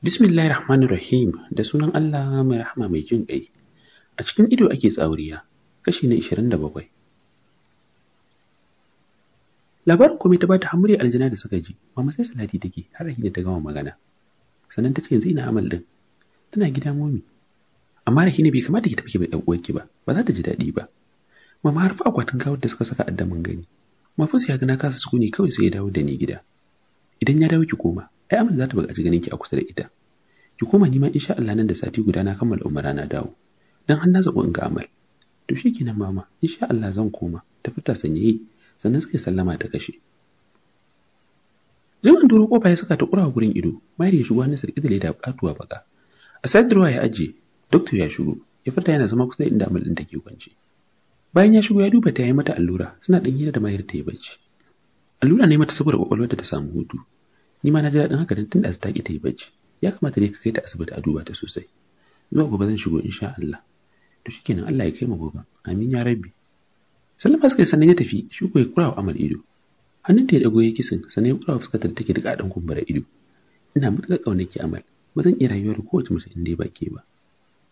Bismillahi Rahmanir Rahim da sunan Allah mai rahama mai jin ƙai. A cikin ido ake tsauriya. kashi na 27. Labarin komai ta bata hamuri aljina da suka ji, mama sai salati take har a da ta gama magana. Sannan ta ce yanzu ina amal din. Tana gida momi. Amma Rahina bai kamata ki tafi ki bai ɗan uwarki ba, ba za ta ji daɗi ba. mama har fa akwatin gawar da suka saka addamin gani mafus ya gana kasa sukuni kawai sai ya dawo da ni gida idan ya dawo ki koma ai amsa za ta buƙaci ganin ki a kusa da ita ki koma ni ma insha Allah nan da sati guda na kammala umara na dawo dan har na zabo in ga amal to kenan mama insha Allah zan koma ta fita sanyaye sannan suka sallama ta kashe Jimin duro kofa ya saka ta kura gurin ido, mayar ya shigo hannun sarki da leda katuwa baka. A sayar ya ajiye, doktor ya shigo, ya fita yana zama kusa da inda amal ɗin take kwance. bayan ya shigo ya duba ta yi mata allura suna ɗan hira da mahir ta yi bacci allura ne mata saboda kwakwalwarta ta samu hutu ni ma na ji daɗin haka don tun da ta ƙi ta yi bacci ya kamata ne ka kai ta asibiti a duba ta sosai zuwa gobe zan shigo insha Allah to kenan Allah ya kai mu gobe amin ya rabi. sallama suka yi sannan ya tafi shuko ya kura wa amal ido ta ya ɗago ya kisin sannan ya kura wa fuskarta take da ɗan kumbura ido ina matuƙar ƙaunar ki amal ba zan iya rayuwa kowace mace in ya ba ke ba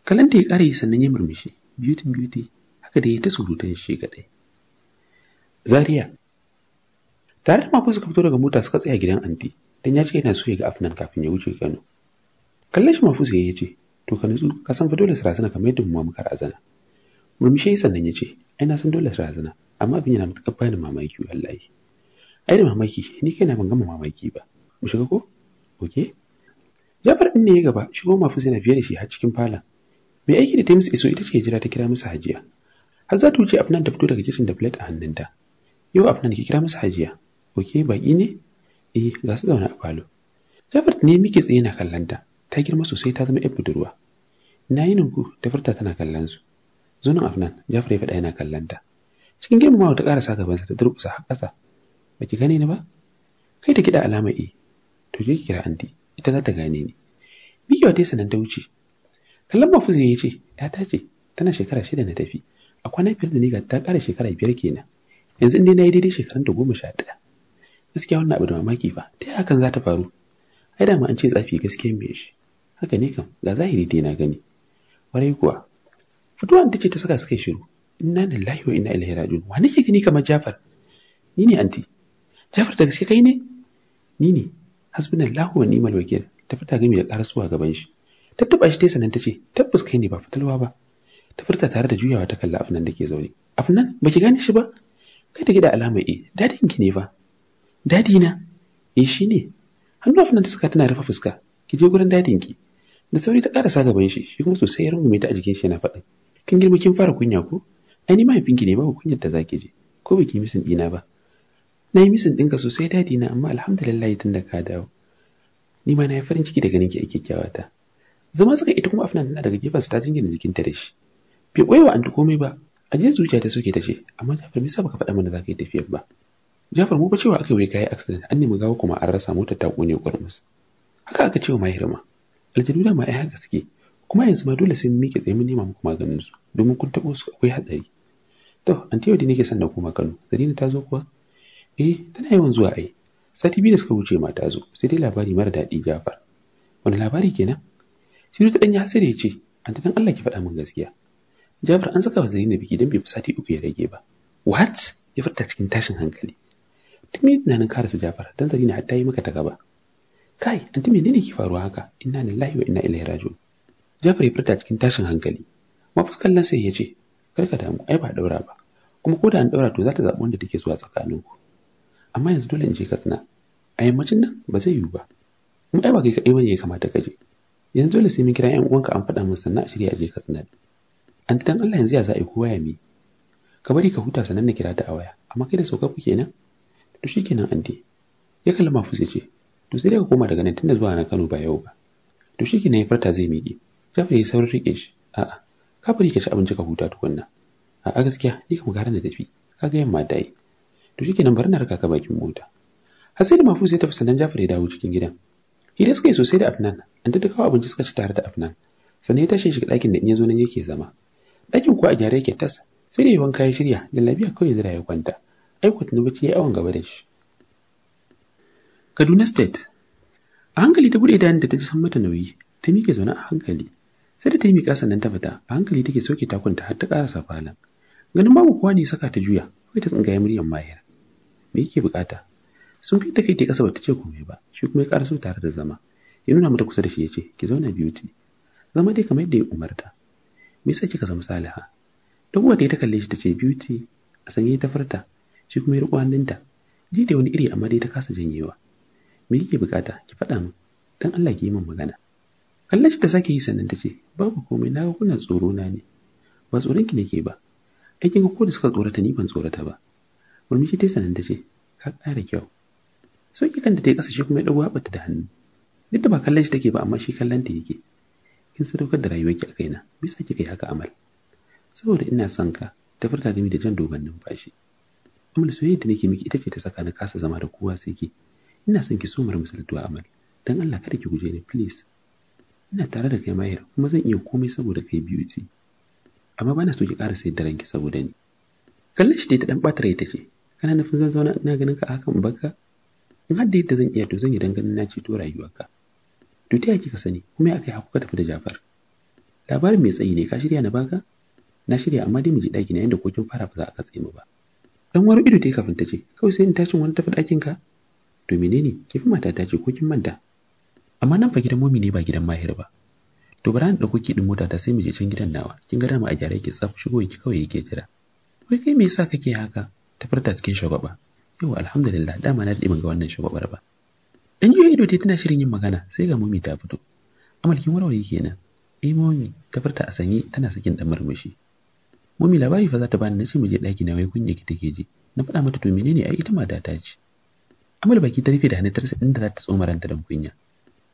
kalanta ya ƙara yi sannan ya murmushi beauty beauty haka dai ta surutan shi kaɗai Zariya. tare da mafi suka fito daga mota suka tsaya gidan anti don ya ce yana so ya ga afnan kafin ya wuce kano kallon shi mafi sai ya ce to ka nutsu ka san fa dole su razana kamar yadda mu muka razana murmushi sannan ya ce ai na san dole su razana amma abin yana matuƙar bani mamaki wallahi ai da mamaki ni kaina ban gama mamaki ba mu shiga ko oke jafar din ne ya gaba shigo mafi sai na fiye da shi har cikin falon mai aiki da ta musu iso ita ce ya jira ta kira musu hajiya har za ta wuce afnan ta fito daga kicin da plate a hannunta yau afnan ki kira masa hajiya oke baki ne eh ga su zaune a falo jafar ne muke tsaye na kallanta ta girma sosai ta zama yar budurwa na yi ninku ta furta tana kallon su zonin afnan jafar ya faɗa yana kallanta cikin girmamawa ta sa gabansa ta durƙusa har ƙasa ba ki gane ni ba kai da kiɗa alama e to je ki kira anti ita za ta gane ni mikiwa ta sanan ta wuce kallon mafuzi ya ce ya ta ce tana shekara shida na tafi a kwana biyar da ni ga ta ƙara shekara biyar kenan yanzu inda na yi daidai shekarun da goma sha ɗaya gaskiya wannan abu da mamaki fa ta yaya hakan za ta faru ai da ma an ce tsafi gaskiya mai shi haka ne kam ga zahiri dai na gani warai kuwa fitowa ta ce ta saka suka yi shiru inna lillahi wa inna ilahi raji'un wa nake gani kamar Jafar ni ne anti Jafar da gaske kai ne ni ne lahu, wa ni'mal wakil ta fita gami da karasuwa gaban shi taba shi sannan sanan ta ce tabbas kai ne ba fatalwa ba ta furta tare da juyawa ta kalla afnan da ke zaune afnan ki gane shi ba kai da gida alamar e eh, dadin ki ne fa dadi na eh, shi ne. hannu afnan ta saka tana rufe fuska ki je gurin dadin ki da sauri ta sa gaban shi shi kuma sosai ya rungume ta a jikin shi yana faɗin kin girma kin fara kunya ko ai ni mahaifinki ne babu kunyar da zaki je ko baki misin dina ba na yi misin ɗinka sosai dadi na amma alhamdulillah tun da ka dawo ni ma na yi farin ciki da ganin ki a kyakkyawa ta zama suka ita kuma afnan tana daga gefen ta jingina jikinta da shi bai ɓoye wa anti komai ba aje zuciya ta suke ta ce amma Jafar bai saba baka faɗa mana za ka yi tafiyar ba Jafar mu ba cewa aka yi kayi accident an nemi gawa kuma an rasa mota ta kone kurmus haka aka ce wa mahirma aljanu da ma ai haka suke kuma yanzu ma dole sai miƙe tsaye mu nema muku maganin su domin kun taɓo su akwai hatsari to anti yau nake san na kuma Kano Zarina ta zo kuwa eh tana yawan zuwa ai sati biyu da suka wuce ma ta zo sai dai labari mara daɗi Jafar wani labari kenan Shiru ta danyi hasiri ce, ta dan Allah ki faɗa min gaskiya." Jafar an saka wa zainabi biki don bai fi sati uku ya rage ba. What? Ya furta cikin tashin hankali. Tun yi tunanin karasa Jafar don Zarina na ta yi maka ta gaba. Kai, anti menene ke faruwa haka? Ina lillahi wa ina ilai rajo. Jafar ya furta cikin tashin hankali. Mafuskan lansa ya ce, Kar ka damu, ai ba daura ba." Kuma ko da an ɗaura to za ta zaɓi wanda take zuwa tsakanin ku Amma yanzu dole in je Katsina. A yammacin nan ba zai yiwu ba. Kuma ai ba kai kaɗai bane ya kamata ka je. Yanzu dole sai mun kira 'yan uwanka an faɗa min sannan a shirya a je Katsina. an dan Allah yanzu ya za a kowa ya mi ka bari ka huta sanan na kira ta a waya amma kai da sauka ku kenan to shikenan anti ya kalli mafus ce to sai dai ka koma daga nan tunda zuwa na Kano ba yau ba to shikenan ya farta zai miƙe Jafar ya saurin rike shi a'a ka bari ka ci abinci ka huta tukunna a'a gaskiya ni kam gara na tafi kaga yamma ta yi to shikenan bari na raka ka bakin mota har sai da mafus ya tafi sannan Jafar ya dawo cikin gidan Hira suka yi sosai da Afnan, an ta abinci suka ci tare da Afnan, sannan ya tashi shiga ɗakin da in ya zo nan yake zama. ɗakin kuwa a gyara yake tas sai da yawan kayan shirya da labiya kawai zira ya kwanta aikwata na bacci ya awon gaba da shi kaduna state a hankali ta buɗe idanun da ta ji san mata nauyi ta miƙe zaune a hankali sai da ta yi miƙa sannan ta fita a hankali take soke takunta har ta ƙarasa falon ganin babu kowa ne saka ta juya kawai ta tsingaye muryar mahir me yake bukata sun fi ta kai ta ƙasa ta ce komai ba shi kuma ya ƙara ƙaraso tare da zama ya nuna mata kusa da shi ya ce ki zauna beauty zama dai kamar yadda ya umarta me yasa kika zama saliha wanda ya ta kalle shi ta ce beauty a sanye ta farta shi kuma ya riƙo hannunta ji da wani iri amma dai ta kasa janyewa me kike bukata ki faɗa min dan Allah ki yi min magana kallon shi ta sake yi sannan ta ce babu komai na ga kuna tsoro na ne ba tsoron ki nake ba aikin ko da suka tsorata ni ban tsorata ba murmushi ta sanan ta ce ka ƙara kyau sauki kanta ta yi ƙasa shi kuma ya ɗago haɓata da hannu duk da ba kallon shi take ba amma shi kallon ta yake kin sadaukar da rayuwarki a kaina bisa yasa kika yi haka amal saboda ina son ka ta furta gami da jan dogon numfashi amal soyayya da nake miki ita ce ta saka na kasa zama da kowa sai ki ina son ki so misaltuwa amal dan Allah kada ki guje ni please ina tare da kai mahir kuma zan iya komai saboda kai beauty amma bana so ki ƙara sayar da ranki saboda ni kallon shi dai ta dan ɓata rai ta ce kana nufin zan zauna ina ganin ka a hakan baka in har da yadda zan iya to zan yi dan ganin na ceto rayuwarka to ta yake ka sani kuma ya aka yi hakuka tafi da Jafar labarin mai tsayi ne ka shirya na baka na shirya amma dai mu je ɗaki na yanda kokin fara ba za a katse mu ba dan waro ido ta kafin ta ce kawai sai in tashin wani tafi ɗakin ka to menene kifi mata ta ce kokin manta amma nan fa gidan momi ne ba gidan mahir ba to bari na ɗauko ki ɗin mota ta sai mu je can gidan nawa kin ga dama a gyara yake tsaf shigo ki kawai yake jira wai kai me yasa kake haka ta furta cikin shagwaba yau alhamdulillah dama na daɗe ban ga wannan shagwabar ba dan yi ido tana shirin yin magana sai ga mummy ta fito amalkin warware kenan eh mummy ta furta a sanye tana sakin dan murmushi mummy labari fa za ta bani nace mu je daki na wai kunya ki take ji na faɗa mata to menene ai ita mata ta ci. amal baki ta rufe da hannun tarsa inda za ta tsoma ranta dan kunya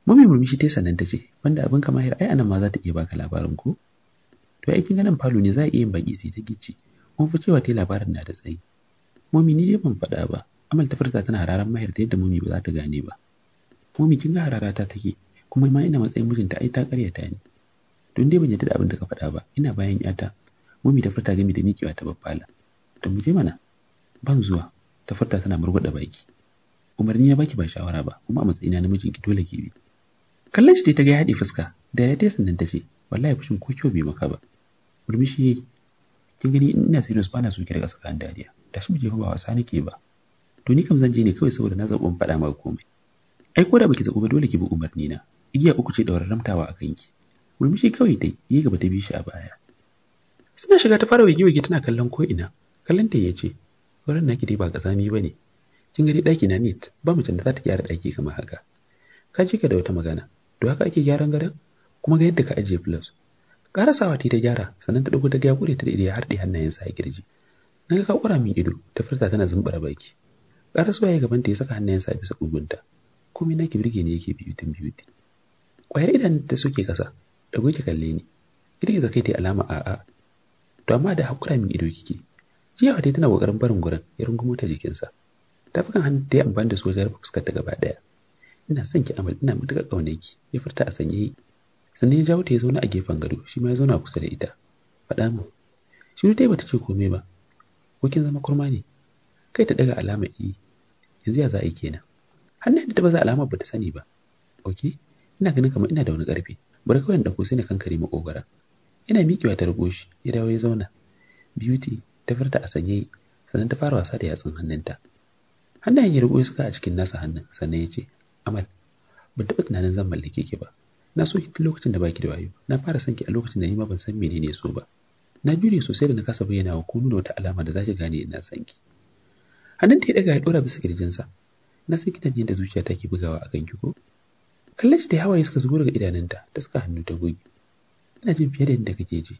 mummy murmushi ta sanan ta ce banda abin kamar ai anan ma za ta iya baka labarin ko to ai kin ganin falo ne za a iya yin baki sai ta gici mun fi cewa ta labarin na da tsayi mummy ni dai ban faɗa ba amal ta furta tana hararan mahir ta yadda mummy ba za ta gane ba kuma me kin ga hararata take kuma ma ina matsayin mijinta ai ta karyata ni don dai ban yarda da abin da ka faɗa ba ina bayan yata mummy ta furta gami da miƙewa ta babbala to mu je mana ban zuwa ta tana murgwada baki umarni ya baki ba shawara ba kuma a matsayina na mijinki dole ki bi kallon shi ta ga ya haɗe fuska da ya ta sannan ta ce wallahi fushin ko kyau bai maka ba murmushi yayi kin gani ina serious bana so ki daga saka dariya tashi mu je ba wasa nake ba to ni kam zan je ne kawai saboda na zaɓi in faɗa maka komai ai ko da baki zaku ba dole ki bi umarni na igiya uku ce daura ramtawa akan ki murmushi kawai dai yi gaba ta bishi a baya suna shiga ta fara wigi wigi tana kallon ko ina kallon ta yace wurin naki dai ba kazami ne. kin gani ɗaki na neat ba mutum da za ta gyara ɗaki kamar haka ka ji ka da wata magana to haka ake gyaran gadon kuma ga yadda ka ajiye plus karasawa ta ta gyara sannan ta dago daga ya kure ta da har da hannayensa a girji na ga ka kura min ido ta furta tana zumbura baki karasuwa ya gaban ta ya saka hannayen sa bisa kugunta komai naki birge ne yake biyutin biyuti ƙwayar idan ta soke kasa da ki kalle ni girgiza kai ta alama a to amma da haƙura min ido kike jiya wata tana ƙoƙarin barin gurin ya rungumo ta jikinsa tafukan hannu ta yi amfani da su wajen rufe fuskar ta gaba ɗaya ina son ki amal ina matuƙar ƙaunar ki ya furta a sanye sannan ya jawo ta ya zauna a gefen gado shi ma ya zauna kusa da ita faɗa mu shiru ta yi bata ce komai ba ko kin zama kurma ne kai ta ɗaga alama i e. yanzu ya za a yi kenan hannun da ta baza alamar ba ta sani ba ok ina ganin kamar ina da wani ƙarfi bari kawai na dauko sai na kankare makogara ina miƙewa ta rigo shi ya dawo ya zauna beauty ta furta a sanye sannan ta fara wasa da yatsun hannunta hannayen ya rigo suka a cikin nasa hannun sannan ya ce amal ban taɓa tunanin zan mallake ki ba na so ki tun lokacin da baki da wayo na fara son ki a lokacin da ni ma ban san menene so ba na jure sosai da na kasa bayyana wa ko nuna wata alama da za ki gane ina son ki hannun ta ya daga ya dora bisa kirjinsa na san kidan yadda zuciya ta ke bugawa a kanki ko kallon shi da hawaye suka zubo daga idanunta ta suka hannu ta goge ina jin fiye da yadda kake ji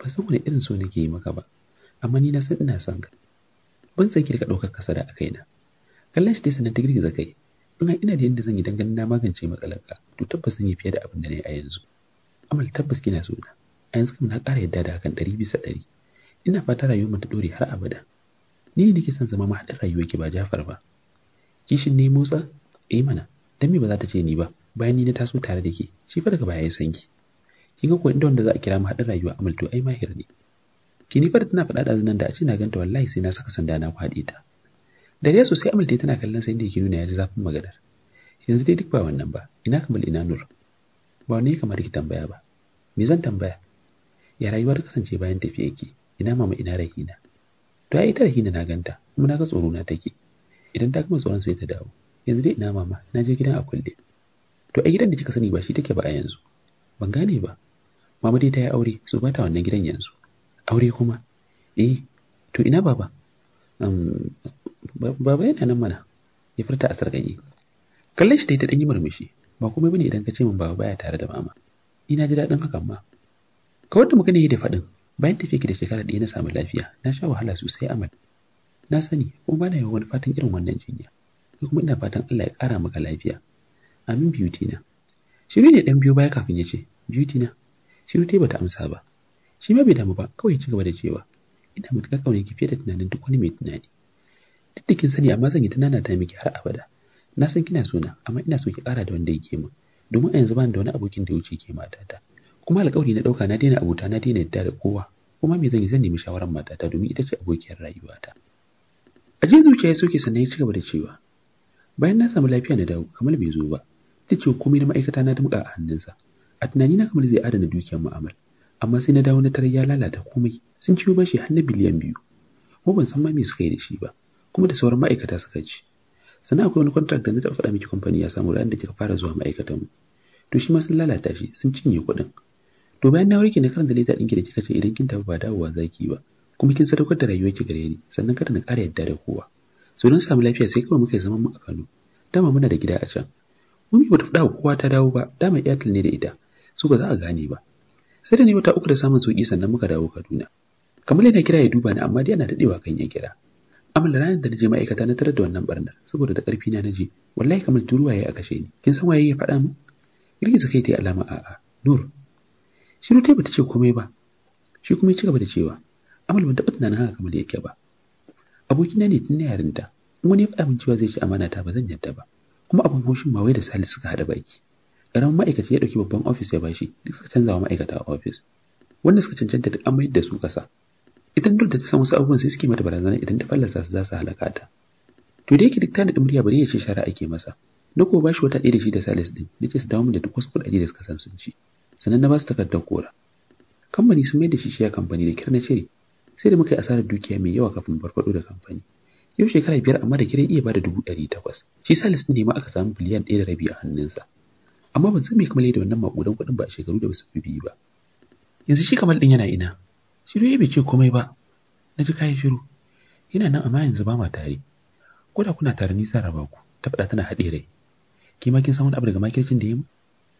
ba san wani irin so nake yi maka ba amma ni na san ina son ka ban san ki daga ɗaukar da a na. kallon shi dai sanar ta girgiza kai in ina da yadda zan yi dan ganin na magance matsalarka to tabbas zan yi fiye da abin da na yi a yanzu amal tabbas kina so na a yanzu kuma na ƙara yadda da hakan ɗari bisa ɗari ina fata rayuwar ta ɗore har abada ni ne nake son zama mahaɗin rayuwar ki ba jafar ba kishin ne motsa eh mana dan me ba za ta ce ni ba bayan ni na taso tare da ke shi fa daga baya ya san ki kin ga ko inda wanda za a kira mu hadin rayuwa amal to ai mahir ne ki ni fa da tana faɗa da da a ce na ganta wallahi sai na saka sanda na kwade ta da sosai amal tana kallon sai inda yake nuna ya ji zafin maganar yanzu dai duk ba wannan ba ina kamar ina nur ba wani kamar ki tambaya ba me zan tambaya ya rayuwar kasance bayan ki ina mama ina rahina to ya ita rahina na ganta kuma na ga tsoro na take idan ta gama tsoron sai ta dawo yanzu dai ina mama na je gidan a kulle to ai gidan da kika sani ba shi take ba a yanzu ban gane ba mama dai ta yi aure so ba ta wannan gidan yanzu aure kuma eh to ina baba baba yana nan mana ya furta a sarganye kallon shi ta yi ta ɗanyi murmushi ba komai bane idan ka ce min baba baya tare da mama ina ji daɗin hakan ma kawar da magana yi da faɗin bayan tafiya ki da shekara ɗaya na samu lafiya na sha wahala sosai amal na sani kuma bana yi wani fatan irin wannan jinya ko kuma ina fatan Allah ya ƙara maka lafiya amin beauty na shiru ne dan biyo baya kafin ya ce beauty na shiru ta bata amsa ba shi ma bai damu ba kawai ci gaba da cewa ina matuƙar kauni ki fiye da tunanin duk wani mai tunani duk da kin sani amma zan yi tunana ta miki har abada na san kina so na amma ina so ki ƙara da wanda yake min domin a yanzu bani da wani abokin da ya wuce ke matata kuma alƙawari na ɗauka na daina abota na daina yadda da kowa kuma me zan yi zan nemi shawarar matata domin ita ce abokiyar rayuwata A jiya zuciya ya sannan ya ci gaba da cewa bayan na samu lafiya na dawo kamar bai zo ba. Ta ce komai na ma'aikata na muka a hannunsa. A tunani na kamar zai adana dukiyar mu'amal amma sai na dawo na tarar ya lalata komai sun ciwo bashi har na biliyan biyu. Ko ban san ma me suka yi da shi ba kuma da sauran ma'aikata suka ci. Sannan akwai wani kwantar da na taɓa faɗa miki kamfani ya samu ran da kika fara zuwa mu To shi ma sun lalata shi sun cinye kuɗin. To bayan na warke na karanta leta ɗinki da kika ce idan kin tafi ba dawowa za ba. kuma kin sadaukar da rayuwarki gare ni sannan kada na ƙara yadda da kowa so don samu lafiya sai kawai muka zama mu a Kano dama muna da gida a can mummy bata faɗa kowa ta dawo ba dama Airtel ne da ita su ba za a gane ba sai da ni wata uku da samun sauki sannan muka dawo Kaduna kamar yana kira ya duba ni amma dai ana daɗewa kan ya kira amal ranar da na naje ma'aikata na tarar da wannan barnar saboda da karfi na naje wallahi kamar turuwa yayi a kashe ni kin san waye ya faɗa mu girgiza kai ta alama a'a nur shi bata ce komai ba shi kuma ya ci gaba da cewa amal ban taɓa tunanin haka kamar yake ba abokina ne tun na yarinta in wani ya faɗa min cewa zai ci amana ta ba zan yarda ba kuma abin haushin ba wai da sali suka haɗa baki ƙaramin ma'aikaci ya ɗauki babban ofis ya bashi duk suka canza wa ma'aikata a ofis wanda suka cancanta duk an mayar da su ƙasa ita dole da ta san wasu abubuwan sai suke mata barazana idan ta fallasa su za su halaka ta to da yake duk ta da murya bari ya ce shara ake masa na ba bashi wata ɗaya da shi da salis din na ce su dawo da duk wasu kuɗaɗe da suka san sun ci sannan na ba su takardar kora kamfani sun mayar da shi shiya kamfani da kirna cire sai da muka yi asarar dukiya mai yawa kafin farfado da kamfani yau shekara biyar amma da kiran iya bada dubu ɗari takwas shi salis ɗin ne ma aka samu biliyan ɗaya da rabi a hannunsa amma ban san me kamar da wannan maƙudan kuɗin ba a shekaru da basu fi biyu ba yanzu shi kamar ɗin yana ina Shi ya bai ce komai ba na ji kayan shiru yana nan amma yanzu ba ma tare ko da kuna tare nisa raba ku ta faɗa tana haɗe rai ki ma kin san wani abu daga makircin da ya mu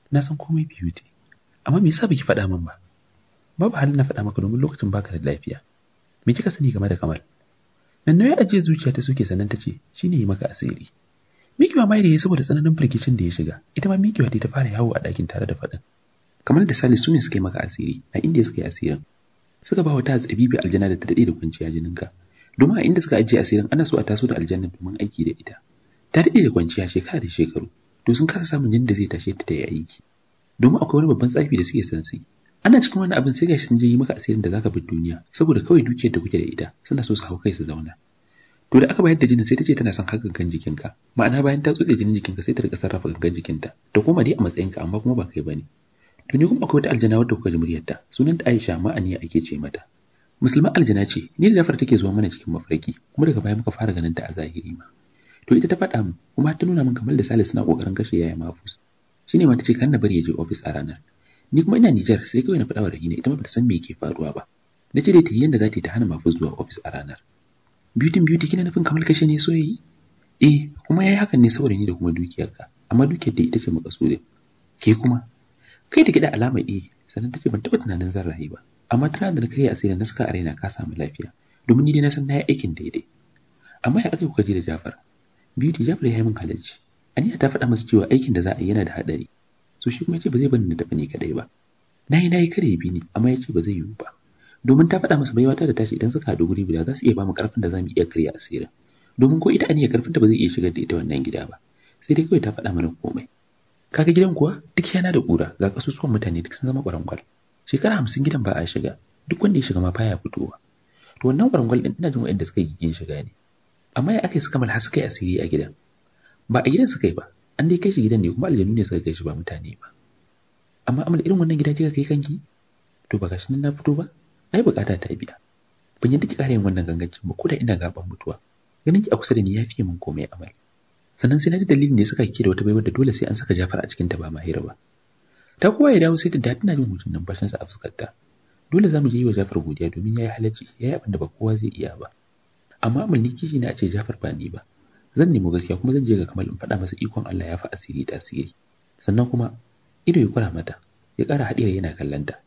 na san komai beauty amma me yasa baki faɗa min ba babu halin na faɗa maka domin lokacin baka da lafiya me kika sani game da kamar? nan ne aje zuciya ta suke sannan tace shi shine yi maka asiri Mikiwa mai da ya saboda tsananin firgicin da ya shiga ita ma Mikiwa ta fara yawo a ɗakin tare da faɗin Kamar da Salisu su ne suka maka asiri a inda suka yi asirin suka ba wata tsabibi aljanna da ta daɗe da kwanciya jininka domin a inda suka ajiye asirin ana so a taso da aljanna domin aiki da ita ta daɗe da kwanciya shekara da shekaru to sun kasa samun da zai tashe ta ta yi aiki domin akwai wani babban tsafi da suke san su ana cikin wani abin sai gashi sun je yi maka asirin da zaka bi duniya saboda kawai dukiyar da kuke da ita suna so su hau kai su zauna to da aka bayar da jinin sai ta ce tana son har gangan jikinka ma'ana bayan ta tsotse jinin jikinka sai ta rika sarrafa gangan jikinta ta koma dai a matsayinka amma kuma ba kai bane to ni kuma akwai wata aljana wadda kuka ji muryarta sunanta Aisha ma'aniya ake ce mata musulma aljana ce ni da Jafar take zuwa mana cikin mafarki kuma daga baya muka fara ganin ta a zahiri ma to ita ta faɗa mu kuma ta nuna min kamar da Salisu suna kokarin kashe yaya mafus shine ma ce kan na bari ya je office a ranar ni kuma ina Nijar sai kawai na faɗa wa Rahina ita ma bata san me yake faruwa ba na ce dai ta yi yanda za ta yi ta hana mafi zuwa ofis a ranar beauty beauty kina nufin kamar kashe ne so yayi eh kuma yayi hakan ne saboda ni da kuma dukiyar ka amma dukiyar da ita ce makasudin ke kuma kai da gida alama eh sannan tace ban taɓa tunanin zan rayu ba amma tana da na karya asirin na suka a raina ka samu lafiya domin ni dai na san na yi aikin daidai amma ya aka kuka ji da Jafar beauty Jafar ya yi min halarci aniya ta faɗa masa cewa aikin da za a yi yana da haɗari so shi kuma ce ba zai bar ni tafi ni kadai ba Na yi nayi kada ya bi ni amma ya ce ba zai yiwu ba domin ta faɗa masa baiwa ta da tashi idan suka haɗu guri guda za su iya ba mu karfin da za mu iya karya asirin domin ko ita aniya karfin da ba zai iya shigar da ita wannan gida ba sai dai kawai ta faɗa mana komai kaga gidan kuwa duk yana da ƙura ga kasusuwan mutane duk sun zama ƙwarangwal shekara hamsin gidan ba a shiga duk wanda ya shiga ma baya fitowa to wannan ƙwarangwal ɗin ina jin waɗanda suka yi shiga ne amma ya aka yi suka malha suka asiri a gidan ba a gidan suka yi ba an dai kai shi gidan ne kuma aljanu ne suka kai shi ba mutane ba amma amal irin wannan gida kika kai kanki to ba gashi nan na fito ba ai bukata ta biya ban yadda ki kare yin wannan gangancin ba ko da ina gaban mutuwa ganin ki a kusa da ni fi min komai amal sannan sai na ji dalilin da ya saka kike da wata baiwar da dole sai an saka Jafar a cikin ta ba Mahira ba ta kowa ya dawo sai ta dadi na jin nan bashin sa a fuskar ta dole zamu je yi wa Jafar godiya domin yayi halacci yayi abin da ba kowa zai iya ba amma amal ni kishi na a ce Jafar ba ni ba zan nemo gaskiya kuma zan je ga Kamal in faɗa masa ikon Allah ya fi asiri tasiri sannan kuma ido ya kura mata ya ƙara haɗira yana ta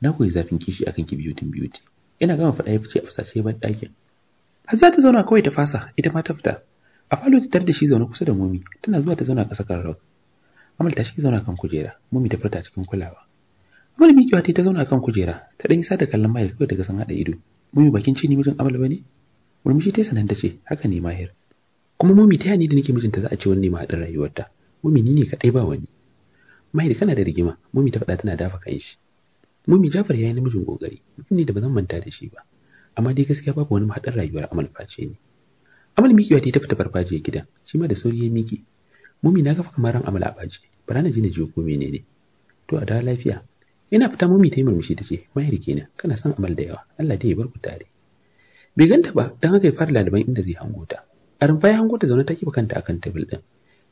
na koyi zafin kishi akan ki biyutin biyuti. ina gama faɗa ya fice a fasashe ban ɗakin har za ta zauna kawai ta fasa ita ma ta fita a falo ta tar da shi zaune kusa da mumi tana zuwa ta zauna ƙasa kan amal ta shi zauna kan kujera mumi ta furta cikin kulawa Amal miƙewa ta ta zauna kan kujera, ta ɗan sa da kallon Mahir kawai daga san haɗa ido. Mumi bakin ce ni mijin Amal ba ne? Murmushi ta sanan ta ce, haka ne Mahir. kuma mummy ta yani da nake mijinta za a ce wanne ma haɗin rayuwarta mummy ni ne kaɗai ba wani mahir kana da rigima mummy ta faɗa tana dafa kan shi mummy jafar ya yi namijin kokari mutum ne da ba zan manta da shi ba amma dai gaskiya babu wani mahaɗin rayuwar amal face ne amal miƙewa ta fita farfajiya gidan shi ma da sauri ya miƙe mummy na kafa kamar ran amal a ɓace bara na je na jiyo ko menene to a dawo lafiya Ina fita mummy ta yi murmushi ta ce, "Mahir kenan, kana son amal da yawa, Allah dai ya bar ku tare." Bai ganta ba, don haka ya fara laliban inda zai hango ta. Karumfa ya hango ta zaune ta kiba kanta akan tebul ɗin.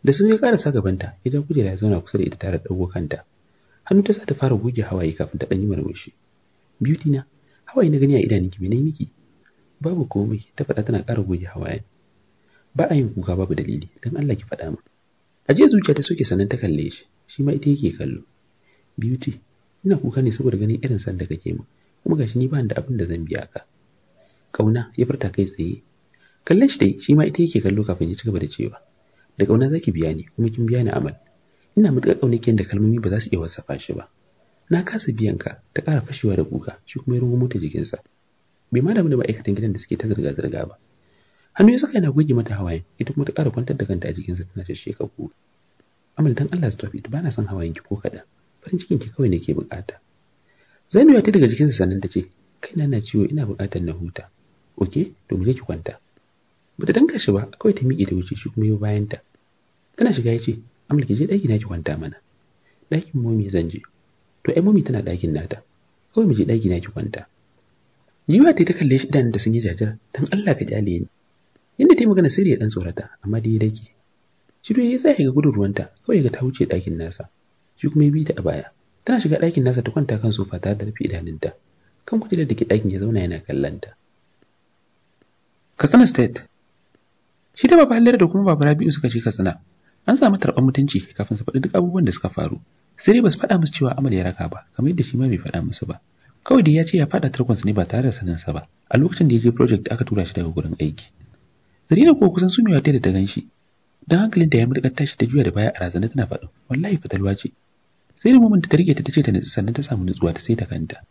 Da sun ya karasa gabanta, ta ja kujera ya zauna kusa da ita tare da dago kanta. Hannu ta sa ta fara goge hawaye kafin ta ɗan yi murmushi. Beauty na, hawaye na gani a idanunki me nayi miki? Babu komai, ta faɗa tana ƙara goge hawaye. Ba a yin kuka babu dalili, dan Allah ki faɗa min. A jiya zuciya ta soke sannan ta kalle shi, shi ma ita yake kallo. Beauty, ina kuka ne saboda ganin irin sanda kake mu, kuma gashi ni ba da abin da zan biya ka. Kauna ya furta kai tsaye kallon shi dai shi ma ita yake kallo kafin ya ci gaba da cewa da kauna zaki biya ni kuma kin biya ni amal ina matuƙar ki da kalmomi ba za su iya wasafa shi ba na kasa biyan ka ta ƙara fashewa da kuka shi kuma ya mota ta jikinsa bai ma damu da ma'aikatan gidan da suke ta zirga-zirga ba hannu ya saka yana goge mata hawayen ita kuma ta ƙara kwantar da kanta a jikinsa tana ta sheka kuka amal dan Allah stop it bana son hawayen ki ko kaɗan farin cikin ki kawai nake bukata zainu ya ta daga jikinsa sannan ta ce kai na ciwo ina bukatar na huta oke to mu je ki kwanta ba ta danka shi ba kawai ta miƙe ta wuce shi kuma yau bayan ta tana shiga ya ce amla ki je ɗaki na ki kwanta mana ɗakin momi zan je to ai momi tana ɗakin nata kawai mu je ɗaki na ki kwanta jiwa ta ta kalle shi idan da sun yi jajar dan Allah ka jale ni yanda ta yi magana sirri ya dan tsorata amma dai dake shi to ya sa ya ga gudun ruwanta kawai ga ta wuce ɗakin nasa shi kuma ya bi ta a baya tana shiga ɗakin nasa ta kwanta kan sofa ta da rufe idanunta kan kujerar da ke ɗakin ya zauna yana kallon ta State Shi da Baba Halliru da kuma Baba Rabi'u suka je Katsina. An samu tarban mutunci kafin su faɗi duk abubuwan da suka faru. Sai dai ba su faɗa musu cewa Amal ya raka ba, kamar yadda shi ma bai faɗa musu ba. Kawai da ya ce ya faɗa tarkonsa ne ba tare da saninsa ba, a lokacin da ya je project aka tura shi daga gurin aiki. Zarina ko kusan sumewa ta da ta ganshi. shi, hankalin hankalinta ya matuƙar tashi ta juya da baya a razana tana faɗo. wallahi fatalwa ce sai da mumunta ta rike ta tace ta nutsu sannan ta samu nutsuwa ta sai ta kanta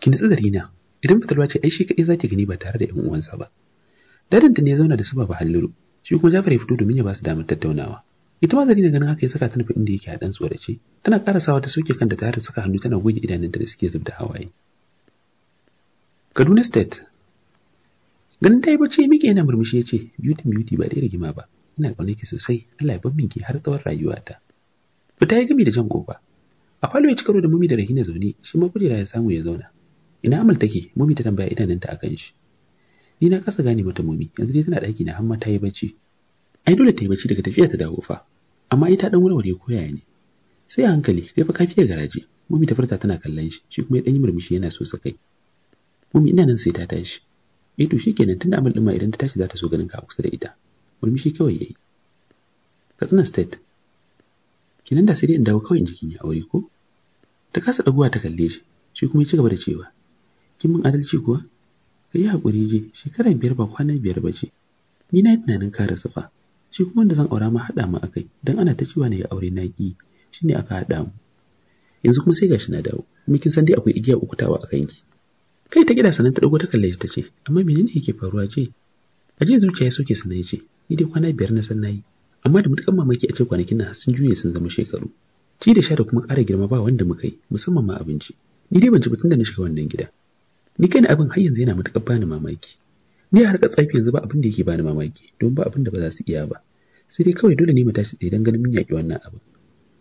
ki nutsu zarina. idan fatalwa ce ai shi kaɗai zaki gani ba tare da ƴan uwansa ba Dadin ta ne zauna da su baba halliru, shi kuma Jafar ya fito domin ya ba su damar tattaunawa. Ita ma Zarina ganin haka ya saka ta nufi inda yake haɗan tsuwar ce, tana ƙarasawa ta soke kanta ta da saka hannu tana goge idanunta da suke zubda hawaye. Kaduna State Ganin ta yi bacci mike yana murmushi ya ce, Beauty beauty ba dai rigima ba, ina ƙaunar ki sosai, Allah ya bambinki har tsawon rayuwata. Fita ya gami da jan ƙofa. A falo ya ci karo da mumi da Rahina zaune, shi ma kujera ya samu ya zauna. Ina amal take, mumi ta tambaya idanunta a kan shi. ni na kasa gane mata momi yanzu dai tana daki na hamma ta yi bacci ai dole ta yi bacci daga tafiya ta dawo fa amma ita dan warware ko yaya ne sai a hankali kai fa kafiya garaje Mumi ta furta tana kallon shi shi kuma ya dan yi murmushi yana so sakai Mumi ina nan sai ta tashi eh to shikenan tunda amal din ma idan ta tashi za ta so ganin ka a kusa da ita murmushi kawai yayi katsina state kinan da sai dai in dawo kawai in jikin ya aure ko ta kasa dagowa ta kalle shi shi kuma ya ci gaba da cewa kin min adalci kuwa ka yi haƙuri je shekara biyar ba kwana biyar ba ce ni na yi tunanin ka rasu fa shi kuma wanda zan aura ma haɗa mu akai dan ana ta cewa ne ya aure na ƙi ne aka haɗa mu yanzu kuma sai gashi na dawo kuma kin san dai akwai igiya uku tawa a kanki kai ta gida sanan ta dago ta kalle shi ta ce amma menene yake faruwa je a je zuciya ya soke sanan ya ce ni dai kwana biyar na san na yi. amma da mutukan mamaki a ce kwanakin nan sun juye sun zama shekaru ci da sha da kuma ƙara girma ba wanda muka yi musamman ma abinci ni dai ban ci batun da na shiga wannan gida ni kai abin har yanzu yana matuƙar bani mamaki ni har tsafi yanzu ba abin da yake bani mamaki don ba abin da ba za su iya ba sai dai kawai dole ne mu tashi tsaye don ganin mun yaƙi wannan abin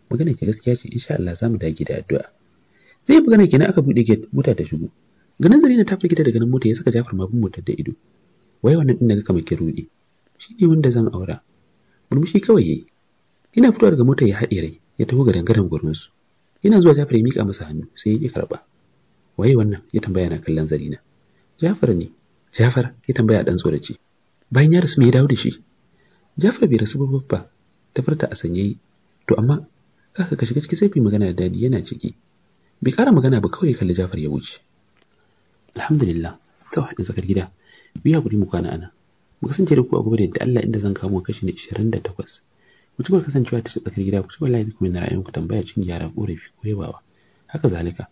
magana ke gaskiya ce insha Allah za mu dage da addu'a zai yi magana kenan aka buɗe gate mota ta shigo ganin zarina ta fita da ganin mota ya saka jafar mabin motar da ido wai wannan din daga kamar kirudi shi ne wanda zan aura murmushi kawai yayi ina fitowa daga motar ya haɗe rai ya taho ga dangaren gurin su yana zuwa jafar ya mika masa hannu sai ya ƙi karba waye wannan ya tambaya na kallon zarina jafar ne jafar ya tambaya dan tsoraci bayan ya rasu me ya dawo da shi jafar bai rasu babba ta furta a sanyayi to amma kaka ka shiga ciki sai fi magana da dadi yana ciki bai kara magana ba kawai kalli jafar ya wuce alhamdulillah to haɗin tsakar gida biya guri mu kwana ana mu kasance da ku a gobe da yadda Allah inda zan kawo kashi na 28 ku ci kasancewa ta tsakar gida ku ci wallahi kuma na ra'ayin ku tambaya cin yara korafi ko yabawa haka zalika